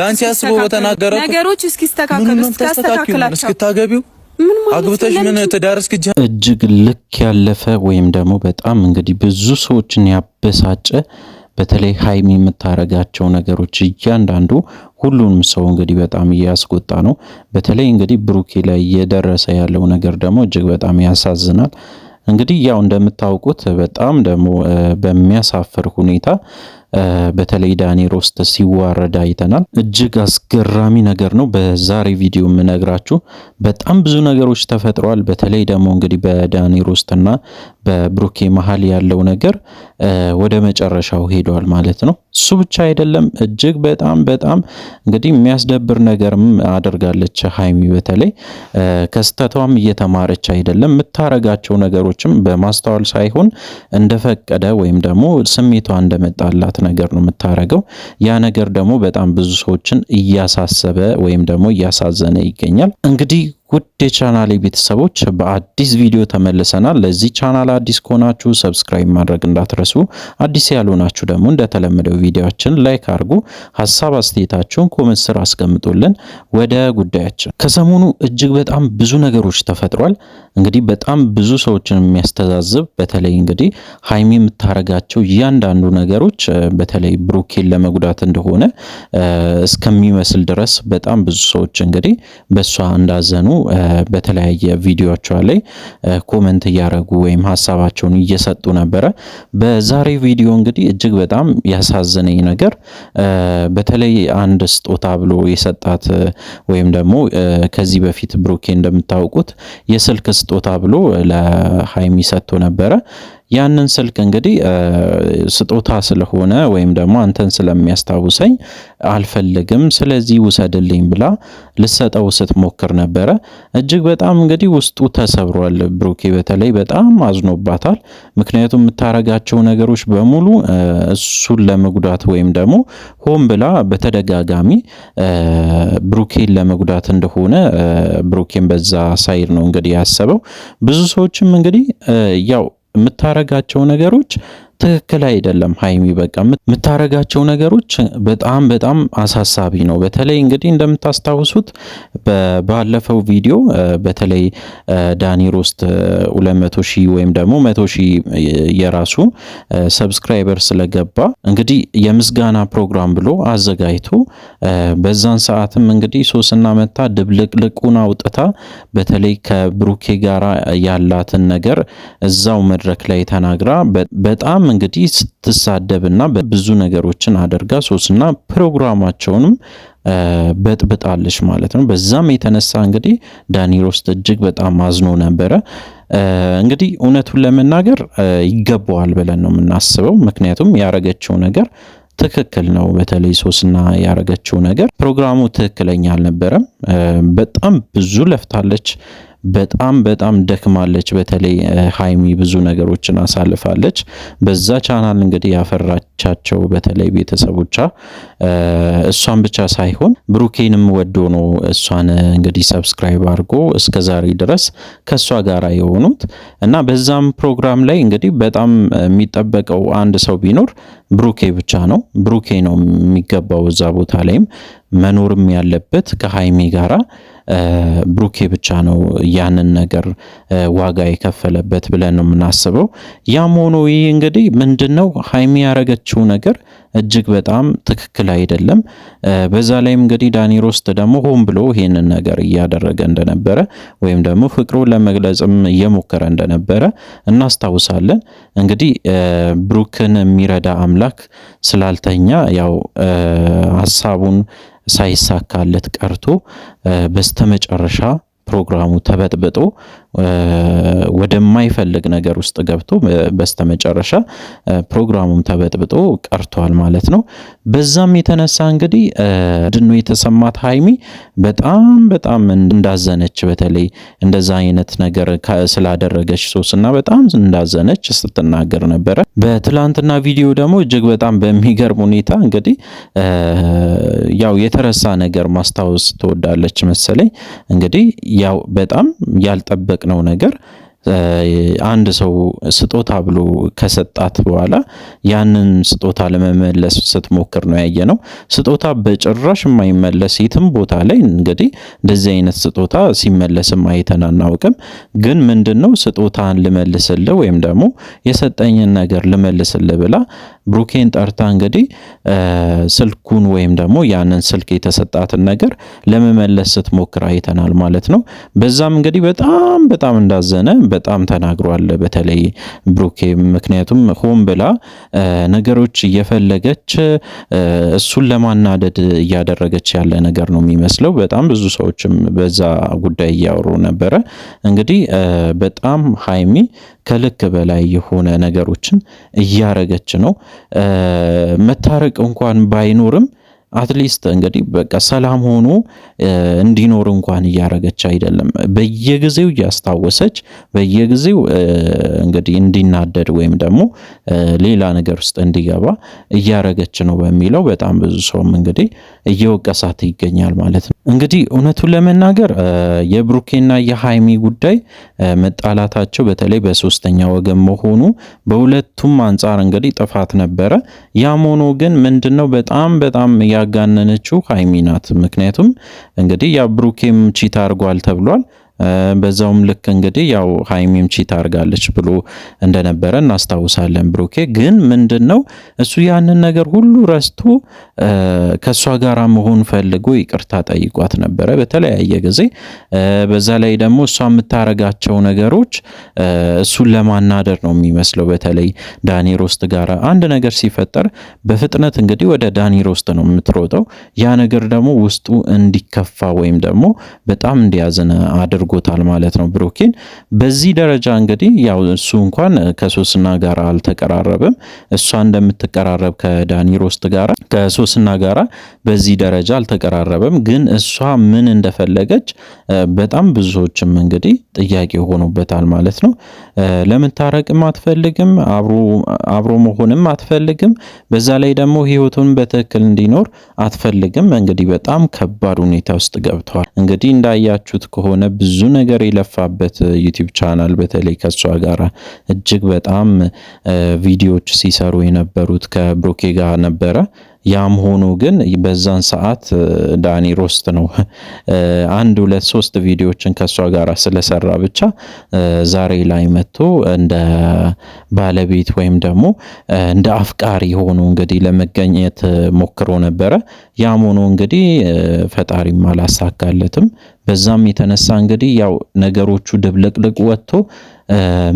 ለአንቺ አስቦ በተናገረው ነገሮች እስኪስተካከሉ እስካስተካክላቸው እስክታገቢው አግብተሽ ምን ትዳር እስክጃ እጅግ ልክ ያለፈ ወይም ደግሞ በጣም እንግዲህ ብዙ ሰዎችን ያበሳጨ በተለይ ሀይሚ የምታረጋቸው ነገሮች እያንዳንዱ ሁሉንም ሰው እንግዲህ በጣም እያስቆጣ ነው። በተለይ እንግዲህ ብሩኬ ላይ እየደረሰ ያለው ነገር ደግሞ እጅግ በጣም ያሳዝናል። እንግዲህ ያው እንደምታውቁት በጣም ደግሞ በሚያሳፍር ሁኔታ በተለይ ዳኒ ሮስተ ሲዋረድ አይተናል። እጅግ አስገራሚ ነገር ነው በዛሬ ቪዲዮ የምነግራችሁ። በጣም ብዙ ነገሮች ተፈጥረዋል። በተለይ ደግሞ እንግዲህ በዳኒ ሮስተና በብሩኬ መሀል ያለው ነገር ወደ መጨረሻው ሄዷል ማለት ነው። እሱ ብቻ አይደለም፣ እጅግ በጣም በጣም እንግዲህ የሚያስደብር ነገርም አድርጋለች ሀይሚ። በተለይ ከስተቷም እየተማረች አይደለም። የምታረጋቸው ነገሮችም በማስተዋል ሳይሆን እንደፈቀደ ወይም ደግሞ ስሜቷ እንደመጣላት ነገር ነው የምታረገው። ያ ነገር ደግሞ በጣም ብዙ ሰዎችን እያሳሰበ ወይም ደግሞ እያሳዘነ ይገኛል እንግዲህ ውድ ውድ የቻናሌ ቤተሰቦች በአዲስ ቪዲዮ ተመልሰናል። ለዚህ ቻናል አዲስ ከሆናችሁ ሰብስክራይብ ማድረግ እንዳትረሱ። አዲስ ያልሆናችሁ ደግሞ እንደተለመደው ቪዲዮችን ላይክ አድርጉ። ሀሳብ አስተያየታችሁን ኮመንት ስር አስቀምጡልን። ወደ ጉዳያችን ከሰሞኑ እጅግ በጣም ብዙ ነገሮች ተፈጥሯል። እንግዲህ በጣም ብዙ ሰዎችን የሚያስተዛዝብ በተለይ እንግዲህ ሀይሚ የምታረጋቸው እያንዳንዱ ነገሮች በተለይ ብሩኬን ለመጉዳት እንደሆነ እስከሚመስል ድረስ በጣም ብዙ ሰዎች እንግዲህ በእሷ እንዳዘኑ በተለያየ ቪዲዮቿ ላይ ኮመንት እያደረጉ ወይም ሀሳባቸውን እየሰጡ ነበረ። በዛሬ ቪዲዮ እንግዲህ እጅግ በጣም ያሳዘነኝ ነገር በተለይ አንድ ስጦታ ብሎ የሰጣት ወይም ደግሞ ከዚህ በፊት ብሩኬ እንደምታውቁት የስልክ ስጦታ ብሎ ለሀይሚ ሰጥቶ ነበረ። ያንን ስልክ እንግዲህ ስጦታ ስለሆነ ወይም ደግሞ አንተን ስለሚያስታውሰኝ አልፈልግም፣ ስለዚህ ውሰድልኝ ብላ ልሰጠው ስትሞክር ነበረ። እጅግ በጣም እንግዲህ ውስጡ ተሰብሯል። ብሩኬ በተለይ በጣም አዝኖባታል። ምክንያቱም የምታረጋቸው ነገሮች በሙሉ እሱን ለመጉዳት ወይም ደግሞ ሆን ብላ በተደጋጋሚ ብሩኬን ለመጉዳት እንደሆነ ብሩኬን በዛ ሳይድ ነው እንግዲህ ያሰበው። ብዙ ሰዎችም እንግዲህ ያው የምታረጋቸው ነገሮች ትክክል አይደለም። ሀይሚ በቃ የምታረጋቸው ነገሮች በጣም በጣም አሳሳቢ ነው። በተለይ እንግዲህ እንደምታስታውሱት ባለፈው ቪዲዮ በተለይ ዳኒ ሮስት 200 ሺህ ወይም ደግሞ 100 ሺህ የራሱ ሰብስክራይበር ስለገባ እንግዲህ የምስጋና ፕሮግራም ብሎ አዘጋጅቶ በዛን ሰዓትም እንግዲህ ሶስና መታ ድብልቅልቁን አውጥታ በተለይ ከብሩኬ ጋራ ያላትን ነገር እዛው መድረክ ላይ ተናግራ በጣም ሶስናም እንግዲህ ስትሳደብና ብዙ ነገሮችን አድርጋ ሶስና ፕሮግራማቸውንም በጥብጣለች ማለት ነው። በዛም የተነሳ እንግዲህ ዳኒ ሮስት እጅግ በጣም አዝኖ ነበረ። እንግዲህ እውነቱን ለመናገር ይገባዋል ብለን ነው የምናስበው። ምክንያቱም ያረገችው ነገር ትክክል ነው። በተለይ ሶስና ያረገችው ነገር ፕሮግራሙ ትክክለኛ አልነበረም። በጣም ብዙ ለፍታለች። በጣም በጣም ደክማለች። በተለይ ሀይሚ ብዙ ነገሮችን አሳልፋለች። በዛ ቻናል እንግዲህ ያፈራቻቸው በተለይ ቤተሰቦቿ እሷን ብቻ ሳይሆን ብሩኬንም ወዶ ነው እሷን እንግዲህ ሰብስክራይብ አድርጎ እስከ ዛሬ ድረስ ከእሷ ጋር የሆኑት እና በዛም ፕሮግራም ላይ እንግዲህ በጣም የሚጠበቀው አንድ ሰው ቢኖር ብሩኬ ብቻ ነው። ብሩኬ ነው የሚገባው እዛ ቦታ ላይም መኖርም ያለበት ከሀይሚ ጋራ ብሩኬ ብቻ ነው ያንን ነገር ዋጋ የከፈለበት ብለን ነው የምናስበው። ያም ሆኖ ይህ እንግዲህ ምንድን ነው ሀይሚ ያረገችው ነገር እጅግ በጣም ትክክል አይደለም። በዛ ላይም እንግዲህ ዳኒ ሮስት ደግሞ ሆን ብሎ ይሄንን ነገር እያደረገ እንደነበረ ወይም ደግሞ ፍቅሩን ለመግለጽም እየሞከረ እንደነበረ እናስታውሳለን። እንግዲህ ብሩክን የሚረዳ አምላክ ስላልተኛ ያው ሀሳቡን ሳይሳካለት ቀርቶ በስተመጨረሻ ፕሮግራሙ ተበጥብጦ ወደማይፈልግ ነገር ውስጥ ገብቶ በስተመጨረሻ ፕሮግራሙም ተበጥብጦ ቀርቷል ማለት ነው። በዛም የተነሳ እንግዲህ ድኖ የተሰማት ሀይሚ በጣም በጣም እንዳዘነች በተለይ እንደዛ አይነት ነገር ስላደረገች ሶስና በጣም እንዳዘነች ስትናገር ነበረ። በትላንትና ቪዲዮ ደግሞ እጅግ በጣም በሚገርም ሁኔታ እንግዲህ ያው የተረሳ ነገር ማስታወስ ትወዳለች መሰለኝ እንግዲህ ያው በጣም ያልጠበቀ ያወቅነው ነገር አንድ ሰው ስጦታ ብሎ ከሰጣት በኋላ ያንን ስጦታ ለመመለስ ስትሞክር ነው ያየ ነው። ስጦታ በጭራሽ የማይመለስ የትም ቦታ ላይ እንግዲህ እንደዚህ አይነት ስጦታ ሲመለስም አይተን አናውቅም። ግን ምንድን ነው ስጦታን ልመልስልህ ወይም ደግሞ የሰጠኝን ነገር ልመልስልህ ብላ ብሩኬን ጠርታ እንግዲህ ስልኩን ወይም ደግሞ ያንን ስልክ የተሰጣትን ነገር ለመመለስ ስትሞክር አይተናል ማለት ነው። በዛም እንግዲህ በጣም በጣም እንዳዘነ በጣም ተናግሯል። በተለይ ብሩኬ ምክንያቱም ሆን ብላ ነገሮች እየፈለገች እሱን ለማናደድ እያደረገች ያለ ነገር ነው የሚመስለው። በጣም ብዙ ሰዎችም በዛ ጉዳይ እያወሩ ነበረ። እንግዲህ በጣም ሀይሚ ከልክ በላይ የሆነ ነገሮችን እያረገች ነው። መታረቅ እንኳን ባይኖርም አትሊስት እንግዲህ በቃ ሰላም ሆኖ እንዲኖር እንኳን እያረገች አይደለም። በየጊዜው እያስታወሰች በየጊዜው እንግዲህ እንዲናደድ ወይም ደግሞ ሌላ ነገር ውስጥ እንዲገባ እያረገች ነው በሚለው በጣም ብዙ ሰውም እንግዲህ እየወቀሳት ይገኛል ማለት ነው። እንግዲህ እውነቱን ለመናገር የብሩኬና የሃይሚ ጉዳይ መጣላታቸው በተለይ በሶስተኛ ወገን መሆኑ በሁለቱም አንጻር እንግዲህ ጥፋት ነበረ። ያም ሆኖ ግን ምንድነው በጣም በጣም ያ ያጋነነችው ሀይሚ ናት። ምክንያቱም እንግዲህ ያ ብሩኬም ቺት አድርጓል ተብሏል። በዛውም ልክ እንግዲህ ያው ሀይሚም ቺት አርጋለች ብሎ እንደነበረ እናስታውሳለን። ብሩኬ ግን ምንድን ነው እሱ ያንን ነገር ሁሉ ረስቶ ከእሷ ጋራ መሆን ፈልጎ ይቅርታ ጠይቋት ነበረ በተለያየ ጊዜ። በዛ ላይ ደግሞ እሷ የምታረጋቸው ነገሮች እሱን ለማናደር ነው የሚመስለው። በተለይ ዳኒ ሮስት ጋር አንድ ነገር ሲፈጠር በፍጥነት እንግዲህ ወደ ዳኒ ሮስት ነው የምትሮጠው። ያ ነገር ደግሞ ውስጡ እንዲከፋ ወይም ደግሞ በጣም እንዲያዝን አድር አድርጎታል ማለት ነው ብሩኬን። በዚህ ደረጃ እንግዲህ ያው እሱ እንኳን ከሶስና ጋር አልተቀራረበም። እሷ እንደምትቀራረብ ከዳኒ ሮስት ጋራ ከሶስና ጋራ በዚህ ደረጃ አልተቀራረበም። ግን እሷ ምን እንደፈለገች በጣም ብዙዎችም እንግዲህ ጥያቄ ሆኖበታል ማለት ነው። ለምታረቅም አትፈልግም፣ አብሮ መሆንም አትፈልግም። በዛ ላይ ደግሞ ህይወቱን በትክክል እንዲኖር አትፈልግም። እንግዲህ በጣም ከባድ ሁኔታ ውስጥ ገብተዋል። እንግዲህ እንዳያችሁት ከሆነ ብዙ ብዙ ነገር የለፋበት ዩቲዩብ ቻናል በተለይ ከእሷ ጋር እጅግ በጣም ቪዲዮዎች ሲሰሩ የነበሩት ከብሩኬ ጋር ነበረ። ያም ሆኖ ግን በዛን ሰዓት ዳኒ ሮስት ነው አንድ ሁለት ሶስት ቪዲዮዎችን ከእሷ ጋር ስለሰራ ብቻ ዛሬ ላይ መጥቶ እንደ ባለቤት ወይም ደግሞ እንደ አፍቃሪ ሆኖ እንግዲህ ለመገኘት ሞክሮ ነበረ። ያም ሆኖ እንግዲህ ፈጣሪም አላሳካለትም። በዛም የተነሳ እንግዲህ ያው ነገሮቹ ድብልቅልቅ ወጥቶ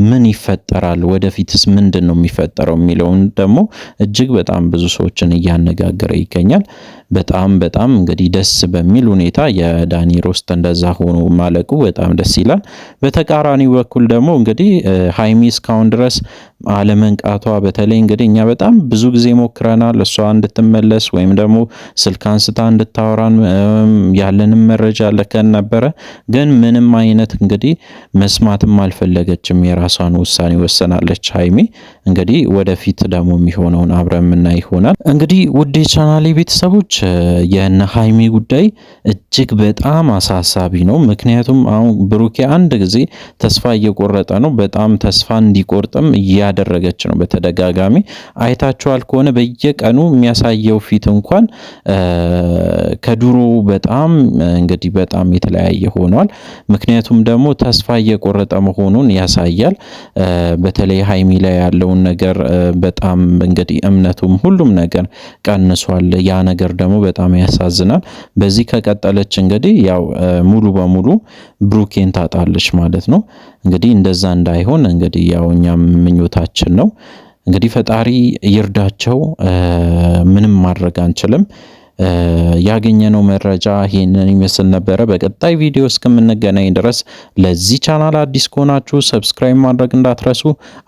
ምን ይፈጠራል፣ ወደፊትስ ምንድን ነው የሚፈጠረው የሚለውን ደግሞ እጅግ በጣም ብዙ ሰዎችን እያነጋገረ ይገኛል። በጣም በጣም እንግዲህ ደስ በሚል ሁኔታ የዳኒ ሮስት እንደዛ ሆኖ ማለቁ በጣም ደስ ይላል። በተቃራኒ በኩል ደግሞ እንግዲህ ሀይሚ እስካሁን ድረስ አለመንቃቷ በተለይ እንግዲህ እኛ በጣም ብዙ ጊዜ ሞክረናል እሷ እንድትመለስ ወይም ደግሞ ስልክ አንስታ እንድታወራን ያለንም መረጃ ለከን ነበረ። ግን ምንም አይነት እንግዲህ መስማትም አልፈለገችም። የራሷን ውሳኔ ወሰናለች ሀይሚ እንግዲህ ወደፊት ደግሞ የሚሆነውን አብረን የምና ይሆናል። እንግዲህ ውድ ቻናሌ ቤተሰቦች የነ ሀይሚ ጉዳይ እጅግ በጣም አሳሳቢ ነው። ምክንያቱም አሁን ብሩኬ አንድ ጊዜ ተስፋ እየቆረጠ ነው። በጣም ተስፋ እንዲቆርጥም እያደረገች ነው በተደጋጋሚ አይታችኋል ከሆነ በየቀኑ የሚያሳየው ፊት እንኳን ከድሮ በጣም እንግዲህ በጣም የተለያየ ሆኗል። ምክንያቱም ደግሞ ተስፋ እየቆረጠ መሆኑን ያሳያል። በተለይ ሀይሚ ላይ ያለውን ያለውን ነገር በጣም እንግዲህ እምነቱም ሁሉም ነገር ቀንሷል። ያ ነገር ደግሞ በጣም ያሳዝናል። በዚህ ከቀጠለች እንግዲህ ያው ሙሉ በሙሉ ብሩኬን ታጣለች ማለት ነው። እንግዲህ እንደዛ እንዳይሆን እንግዲህ ያው እኛም ምኞታችን ነው። እንግዲህ ፈጣሪ ይርዳቸው። ምንም ማድረግ አንችልም። ያገኘነው መረጃ ይህንን ይመስል ነበረ። በቀጣይ ቪዲዮ እስከምንገናኝ ድረስ ለዚህ ቻናል አዲስ ከሆናችሁ ሰብስክራይብ ማድረግ እንዳትረሱ።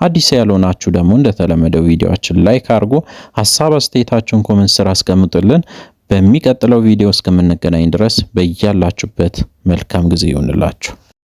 አዲስ ያልሆናችሁ ደግሞ እንደተለመደው ቪዲዮችን ላይክ አድርጎ ሀሳብ አስተያየታችሁን ኮመንት ስር አስቀምጡልን። በሚቀጥለው ቪዲዮ እስከምንገናኝ ድረስ በያላችሁበት መልካም ጊዜ ይሁንላችሁ።